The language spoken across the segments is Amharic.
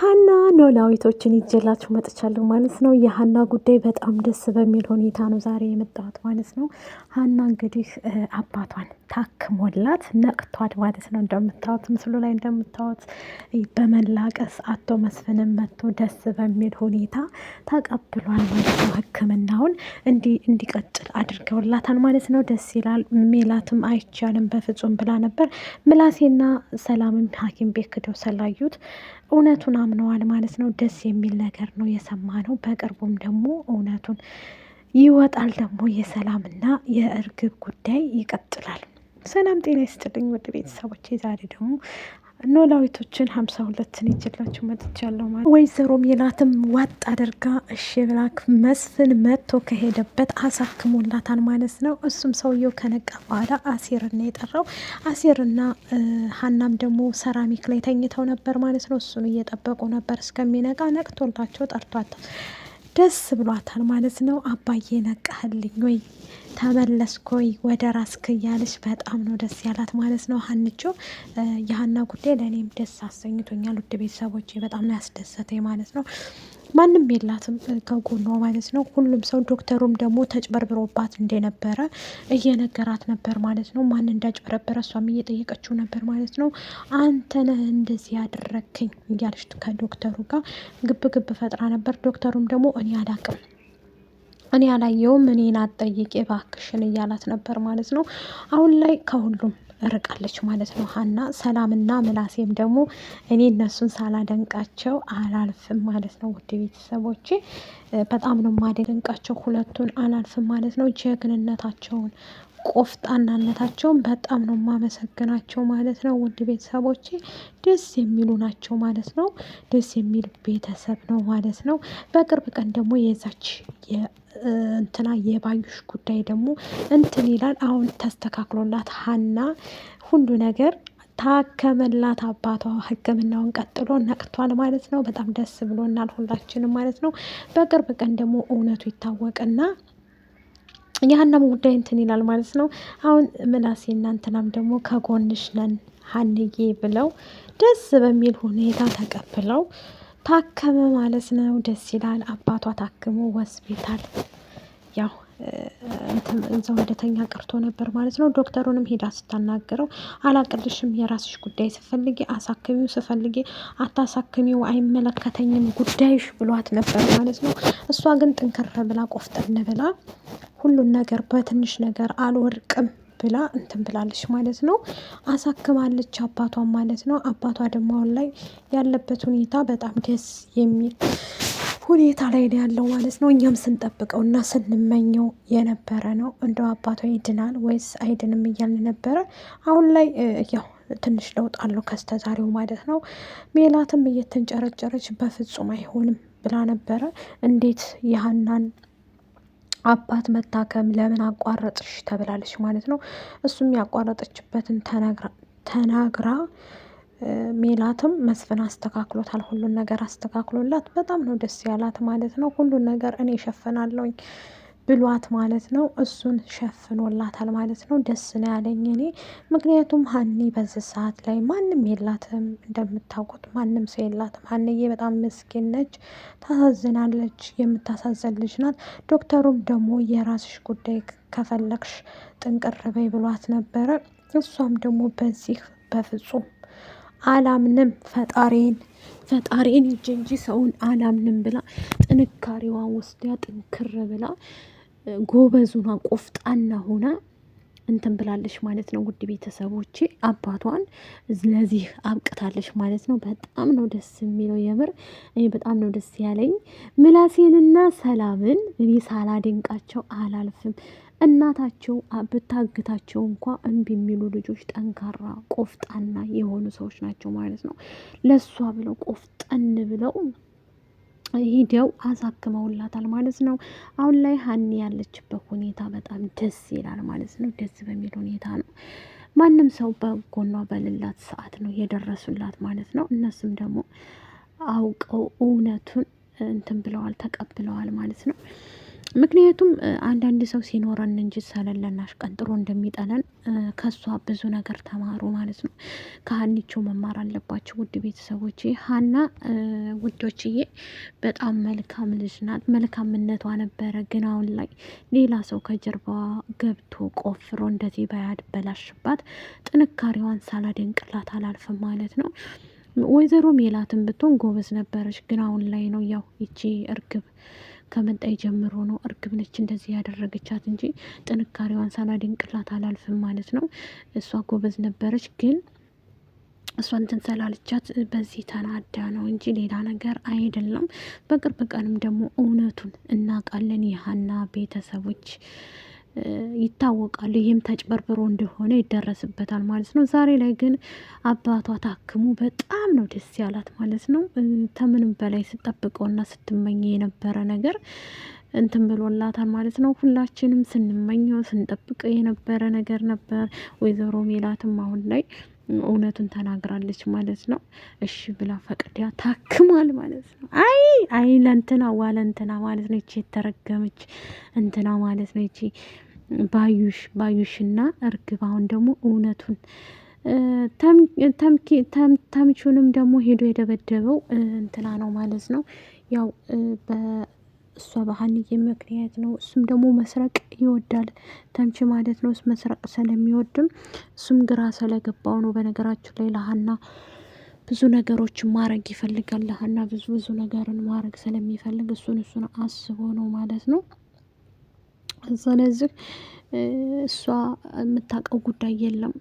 ሀና ኖላዊቶችን ይጀላችሁ መጥቻለሁ ማለት ነው። የሀና ጉዳይ በጣም ደስ በሚል ሁኔታ ነው ዛሬ የመጣሁት ማለት ነው። ሀና እንግዲህ አባቷን ታክሞላት ነቅቷት ማለት ነው። እንደምታወት ምስሉ ላይ እንደምታወት በመላቀስ አቶ መስፍንም መጥቶ ደስ በሚል ሁኔታ ተቀብሏል ማለት ነው። ሕክምናውን እንዲቀጥል አድርገውላታል ማለት ነው። ደስ ይላል። ሜላትም አይቻልም በፍጹም ብላ ነበር። ምላሴና ሰላምም ሐኪም ቤት ክደው ስላዩት እውነቱን አምነዋል ማለት ነው። ደስ የሚል ነገር ነው የሰማ ነው። በቅርቡም ደግሞ እውነቱን ይወጣል ደግሞ የሰላምና የእርግብ ጉዳይ ይቀጥላል። ሰላም ጤና ይስጥልኝ ውድ ቤተሰቦቼ፣ ዛሬ ደግሞ ኖላዊቶችን ሀምሳ ሁለትን ይችላችሁ መጥቻለሁ። ማለት ወይዘሮ ሜላትም ዋጥ አድርጋ እሺ ብላክ መስፍን መጥቶ ከሄደበት አሳክሞላታል ማለት ነው። እሱም ሰውየው ከነቃ በኋላ አሴርና የጠራው አሴርና ሀናም ደግሞ ሰራሚክ ላይ ተኝተው ነበር ማለት ነው። እሱን እየጠበቁ ነበር እስከሚነቃ ነቅቶላቸው ጠርቷታል። ደስ ብሏታል ማለት ነው። አባዬ ነቃህልኝ ወይ ተመለስኮይ ወደ ራስክ እያለች በጣም ነው ደስ ያላት ማለት ነው። ሀንቾ የሀና ጉዳይ ለእኔም ደስ አሰኝቶኛል። ውድ ቤተሰቦቼ በጣም ነው ያስደሰተኝ ማለት ነው። ማንም የላትም ከጎኗ ማለት ነው። ሁሉም ሰው ዶክተሩም ደግሞ ተጭበርብሮባት እንደነበረ እየነገራት ነበር ማለት ነው። ማን እንዳጭበረበረ እሷም እየጠየቀችው ነበር ማለት ነው። አንተነህ እንደዚህ ያደረግከኝ እያለች ከዶክተሩ ጋር ግብ ግብ ፈጥራ ነበር። ዶክተሩም ደግሞ እኔ አላቅም እኔ አላየውም እኔን አትጠይቂ እባክሽን እያላት ነበር ማለት ነው። አሁን ላይ ከሁሉም ርቃለች ማለት ነው ሀና። ሰላምና ምላሴም ደግሞ እኔ እነሱን ሳላደንቃቸው አላልፍም ማለት ነው። ውድ ቤተሰቦቼ በጣም ነው ማደንቃቸው ሁለቱን አላልፍም ማለት ነው። ጀግንነታቸውን ቆፍጣናነታቸውን በጣም ነው የማመሰግናቸው ማለት ነው። ውድ ቤተሰቦቼ ደስ የሚሉ ናቸው ማለት ነው። ደስ የሚል ቤተሰብ ነው ማለት ነው። በቅርብ ቀን ደግሞ የዛች እንትና የባዩሽ ጉዳይ ደግሞ እንትን ይላል አሁን ተስተካክሎላት ሀና ሁሉ ነገር ታከመላት አባቷ ሕክምናውን ቀጥሎ ነቅቷል ማለት ነው። በጣም ደስ ብሎናል ሁላችንም ማለት ነው። በቅርብ ቀን ደግሞ እውነቱ ይታወቅና የሀናም ጉዳይ እንትን ይላል ማለት ነው። አሁን ምናሴ እናንተናም ደግሞ ከጎንሽ ነን ሀንዬ ብለው ደስ በሚል ሁኔታ ተቀብለው ታከመ ማለት ነው። ደስ ይላል። አባቷ ታክሞ ሆስፒታል ያው እዛው እንደተኛ ቀርቶ ነበር ማለት ነው። ዶክተሩንም ሄዳ ስታናግረው አላቅልሽም፣ የራስሽ ጉዳይ ስፈልጊ አሳክሚው፣ ስፈልጊ አታሳክሚው፣ አይመለከተኝም ጉዳይሽ ብሏት ነበር ማለት ነው። እሷ ግን ጥንከር ብላ ቆፍጠን ብላ ሁሉን ነገር በትንሽ ነገር አልወርቅም ብላ እንትን ብላለች ማለት ነው። አሳክማለች አባቷን ማለት ነው። አባቷ ደግሞ አሁን ላይ ያለበት ሁኔታ በጣም ደስ የሚል ሁኔታ ላይ ነው ያለው ማለት ነው። እኛም ስንጠብቀው እና ስንመኘው የነበረ ነው። እንደው አባቷ ይድናል ወይስ አይድንም እያልን ነበረ። አሁን ላይ ያው ትንሽ ለውጥ አለው ከስተዛሬው ማለት ነው። ሜላትም እየተንጨረጨረች በፍጹም አይሆንም ብላ ነበረ። እንዴት ያህናን አባት መታከም ለምን አቋረጥሽ ተብላለች ማለት ነው። እሱም ያቋረጠችበትን ተናግራ ሜላትም መስፍን አስተካክሎታል። ሁሉን ነገር አስተካክሎላት በጣም ነው ደስ ያላት ማለት ነው። ሁሉን ነገር እኔ ሸፈናለውኝ ብሏት ማለት ነው። እሱን ሸፍኖላታል ማለት ነው። ደስ ነው ያለኝ እኔ ምክንያቱም ሀኒ በዚህ ሰዓት ላይ ማንም የላትም እንደምታውቁት፣ ማንም ሰው የላትም። ሀኒዬ በጣም ምስኪን ነች፣ ታሳዝናለች። የምታሳዘን ልጅ ናት። ዶክተሩም ደግሞ የራስሽ ጉዳይ ከፈለግሽ ጥንቅር በይ ብሏት ነበረ። እሷም ደግሞ በዚህ በፍጹም አላምንም ፈጣሪን ፈጣሪን ይጅ እንጂ ሰውን አላምንም ብላ ጥንካሬዋን ወስዳ ጥንክር ብላ ጎበዙና ቆፍጣና ሆና እንትን ብላለች ማለት ነው። ውድ ቤተሰቦች አባቷን ለዚህ አብቅታለች ማለት ነው። በጣም ነው ደስ የሚለው የምር እኔ በጣም ነው ደስ ያለኝ። ምላሴንና ሰላምን እኔ ሳላደንቃቸው አላልፍም። እናታቸው ብታግታቸው እንኳ እምቢ የሚሉ ልጆች ጠንካራ ቆፍጣና የሆኑ ሰዎች ናቸው ማለት ነው። ለእሷ ብለው ቆፍጠን ብለው ሂደው አሳክመውላታል ማለት ነው። አሁን ላይ ሀኒ ያለችበት ሁኔታ በጣም ደስ ይላል ማለት ነው። ደስ በሚል ሁኔታ ነው። ማንም ሰው በጎኗ በሌላት ሰዓት ነው የደረሱላት ማለት ነው። እነሱም ደግሞ አውቀው እውነቱን እንትን ብለዋል፣ ተቀብለዋል ማለት ነው። ምክንያቱም አንዳንድ ሰው ሲኖረን እንጂ ሳለለናሽ ቀንጥሮ እንደሚጠለን ከሷ ብዙ ነገር ተማሩ ማለት ነው። ከሀኒቾ መማር አለባቸው። ውድ ቤተሰቦች ሀና ውዶችዬ በጣም መልካም ልጅ ናት። መልካምነቷ ነበረ፣ ግን አሁን ላይ ሌላ ሰው ከጀርባ ገብቶ ቆፍሮ እንደዚህ ባያበላሽባት ጥንካሬዋን ሳላደንቅላት አላልፍም ማለት ነው። ወይዘሮ ሜላትን ብትሆን ጎበዝ ነበረች፣ ግን አሁን ላይ ነው ያው ይቺ እርግብ ከመጣይ ጀምሮ ነው እርግብ ነች እንደዚህ ያደረገቻት እንጂ ጥንካሬዋን ሳላደንቅላት አላልፍም ማለት ነው። እሷ ጎበዝ ነበረች ግን እሷ እንትን ስላለቻት በዚህ ተናዳ ነው እንጂ ሌላ ነገር አይደለም። በቅርብ ቀንም ደግሞ እውነቱን እናውቃለን የሀና ቤተሰቦች ይታወቃሉ። ይህም ተጭበርብሮ እንደሆነ ይደረስበታል ማለት ነው። ዛሬ ላይ ግን አባቷ ታክሙ በጣም ነው ደስ ያላት ማለት ነው። ከምንም በላይ ስጠብቀውና ስትመኝ የነበረ ነገር እንትን ብሎላታል ማለት ነው። ሁላችንም ስንመኘው ስንጠብቀው የነበረ ነገር ነበር። ወይዘሮ ሜላትም አሁን ላይ እውነቱን ተናግራለች ማለት ነው። እሺ ብላ ፈቅዳ ታክሟል ማለት ነው። አይ አይ ለእንትና ዋ ማለት ነው። ይቺ የተረገመች እንትና ማለት ነው ይቺ ባዩሽ ባዩሽና እርግብ አሁን ደግሞ እውነቱን ተምቹንም ደግሞ ሄዶ የደበደበው እንትና ነው ማለት ነው። ያው በእሷ በሀንዬ ምክንያት ነው። እሱም ደግሞ መስረቅ ይወዳል ተምች ማለት ነው። መስረቅ ስለሚወድም እሱም ግራ ስለገባው ነው። በነገራችሁ ላይ ለሀና ብዙ ነገሮችን ማድረግ ይፈልጋል። ለሀና ብዙ ብዙ ነገርን ማድረግ ስለሚፈልግ እሱን እሱን አስቦ ነው ማለት ነው። ስለዚህ እሷ የምታውቀው ጉዳይ የለም።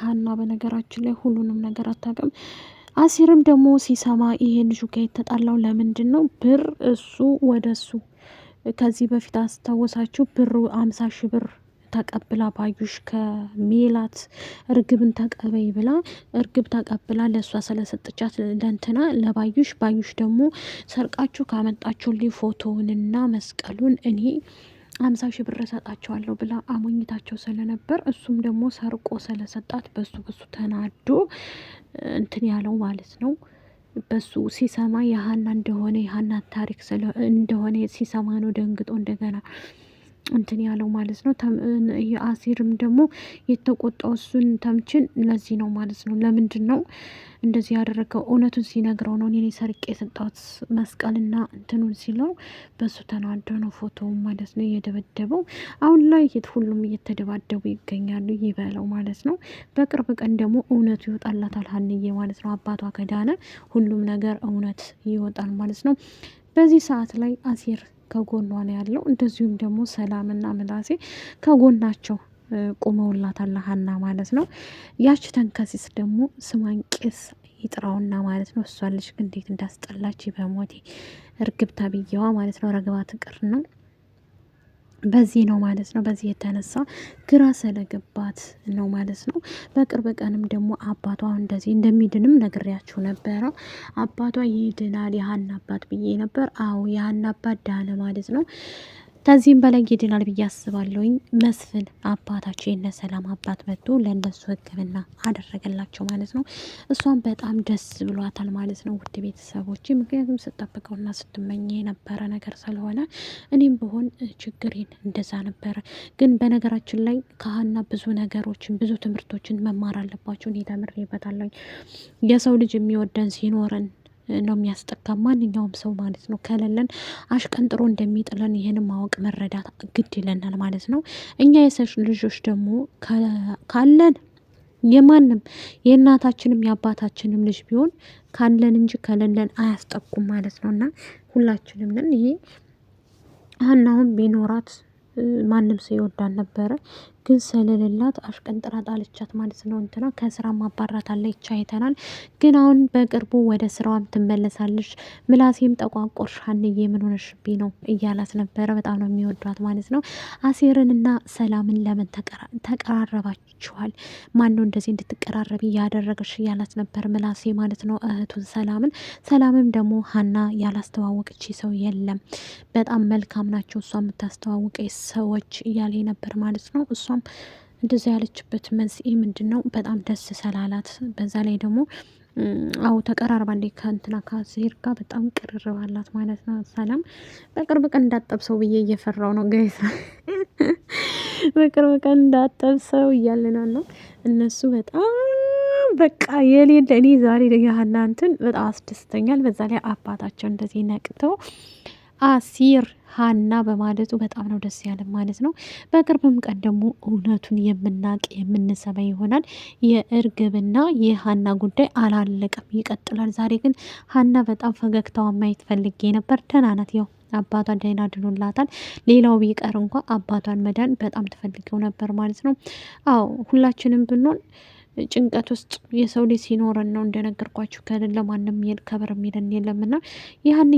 ሀና በነገራችን ላይ ሁሉንም ነገር አታውቅም። አሲርም ደግሞ ሲሰማ ይሄን ልጁ ጋር የተጣላው ለምንድን ነው? ብር እሱ ወደ እሱ ከዚህ በፊት አስታወሳችሁ? ብሩ አምሳ ሺ ብር ተቀብላ ባዩሽ ከሜላት እርግብን ተቀበይ ብላ እርግብ ተቀብላ ለእሷ ስለሰጥቻት ለንትና ለባዩሽ ባዩሽ ደግሞ ሰርቃችሁ ካመጣችሁልኝ ፎቶውንና መስቀሉን እኔ አምሳ ሺ ብር እሰጣቸዋለሁ ብላ አሞኝታቸው ስለነበር እሱም ደግሞ ሰርቆ ስለሰጣት በሱ በሱ ተናዶ እንትን ያለው ማለት ነው። በሱ ሲሰማ የሀና እንደሆነ የሀና ታሪክ እንደሆነ ሲሰማ ነው ደንግጦ እንደገና እንትን ያለው ማለት ነው። አሲርም ደግሞ የተቆጣው እሱን ተምችን ለዚህ ነው ማለት ነው። ለምንድን ነው እንደዚህ ያደረገው? እውነቱን ሲነግረው ነው እኔ ሰርቄ የሰጣት መስቀልና እንትኑን ሲለው በሱ ተናዶ ነው ፎቶውን ማለት ነው እየደበደበው። አሁን ላይ ሁሉም እየተደባደቡ ይገኛሉ። ይበለው ማለት ነው። በቅርብ ቀን ደግሞ እውነቱ ይወጣላታል ሀንዬ ማለት ነው። አባቷ ከዳነ ሁሉም ነገር እውነት ይወጣል ማለት ነው። በዚህ ሰዓት ላይ አሲር ከጎኗ ነው ያለው። እንደዚሁም ደግሞ ሰላምና ምላሴ ከጎናቸው ቆመውላታል ሀና ማለት ነው። ያች ተንከሲስ ደግሞ ስሟን ቄስ ይጥራውና ማለት ነው። እሷ ልጅ እንዴት እንዳስጠላች በሞቴ እርግብታ ብዬዋ ማለት ነው። ረግባ ትቅር ነው በዚህ ነው ማለት ነው። በዚህ የተነሳ ግራ ስለገባት ነው ማለት ነው። በቅርብ ቀንም ደግሞ አባቷ እንደዚህ እንደሚድንም ነግሬያችሁ ነበረ። አባቷ ይድናል የሀና አባት ብዬ ነበር። አዎ የሀና አባት ዳነ ማለት ነው። ከዚህም በላይ ይድናል ብዬ አስባለሁኝ። መስፍን አባታቸው የነ ሰላም አባት መጥቶ ለእነሱ ሕክምና አደረገላቸው ማለት ነው። እሷን በጣም ደስ ብሏታል ማለት ነው። ውድ ቤተሰቦች፣ ምክንያቱም ስጠብቀውና ስትመኝ የነበረ ነገር ስለሆነ እኔም ብሆን ችግሬን እንደዛ ነበረ። ግን በነገራችን ላይ ካህና ብዙ ነገሮችን ብዙ ትምህርቶችን መማር አለባቸው። እኔ ተምሬበታለሁ። የሰው ልጅ የሚወደን ሲኖረን ነው የሚያስጠጋ ማንኛውም ሰው ማለት ነው። ከሌለን አሽቀንጥሮ እንደሚጥለን ይህን ማወቅ መረዳት ግድ ይለናል ማለት ነው። እኛ የሰው ልጆች ደግሞ ካለን የማንም የእናታችንም የአባታችንም ልጅ ቢሆን ካለን እንጂ ከሌለን አያስጠቁም ማለት ነው። እና ሁላችንም ነን። ይሄ ሀናሁን ቢኖራት ማንም ሰው ይወዳል ነበረ። ግን ስለሌላት አሽቀንጥራ ጣለቻት ማለት ነው። እንትና ከስራ ማባራት አለ ይቻይተናል። ግን አሁን በቅርቡ ወደ ስራዋም ትመለሳለች። ምላሴም ጠቋቆር ሻንዬ ምን ሆነሽብኝ ነው እያላት ነበረ። በጣም ነው የሚወዷት ማለት ነው። አሴርንና ሰላምን ለምን ተቀራረባችኋል? ማን ነው እንደዚህ እንድትቀራረብ ያደረገሽ? እያላት ነበር ምላሴ ማለት ነው እህቱን ሰላምን። ሰላምም ደግሞ ሀና ያላስተዋወቅች ሰው የለም በጣም መልካም ናቸው እሷ የምታስተዋውቀ ሰዎች እያለ ነበር ማለት ነው እሷ እሷም እንደዛ ያለችበት መንስኤ ምንድን ነው? በጣም ደስ ስላላት በዛ ላይ ደግሞ አው ተቀራርባ እንዴ ከእንትና ከዜር ጋር በጣም ቅርርብ አላት ማለት ነው። ሰላም በቅርብ ቀን እንዳጠብሰው ብዬ እየፈራው ነው ገይሳ በቅርብ ቀን እንዳጠብሰው እያለ ነው እነሱ በጣም በቃ የሌለ እኔ ዛሬ ያህናንትን በጣም አስደስተኛል። በዛ ላይ አባታቸው እንደዚህ ነቅተው አሲር ሀና በማለቱ በጣም ነው ደስ ያለ ማለት ነው። በቅርብም ቀን ደግሞ እውነቱን የምናቅ የምንሰማ ይሆናል። የእርግብና የሀና ጉዳይ አላለቀም፣ ይቀጥላል። ዛሬ ግን ሀና በጣም ፈገግታዋን ማየት ፈልጌ ነበር። ደህና ናት ያው አባቷን ደህና ድኖላታል። ሌላው ቢቀር እንኳ አባቷን መዳን በጣም ትፈልገው ነበር ማለት ነው። አዎ ሁላችንም ብንሆን ጭንቀት ውስጥ የሰው ልጅ ሲኖረን ነው እንደነገርኳችሁ ከሌለ ማንም ከበር የሚለን የለምና ይህን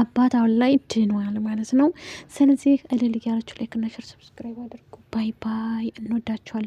አባት አሁን ላይ ድኗል ማለት ነው። ስለዚህ እልል እያላችሁ ላይክና ሸር ሰብስክራይብ አድርጉ። ባይ ባይ። እንወዳችኋለን።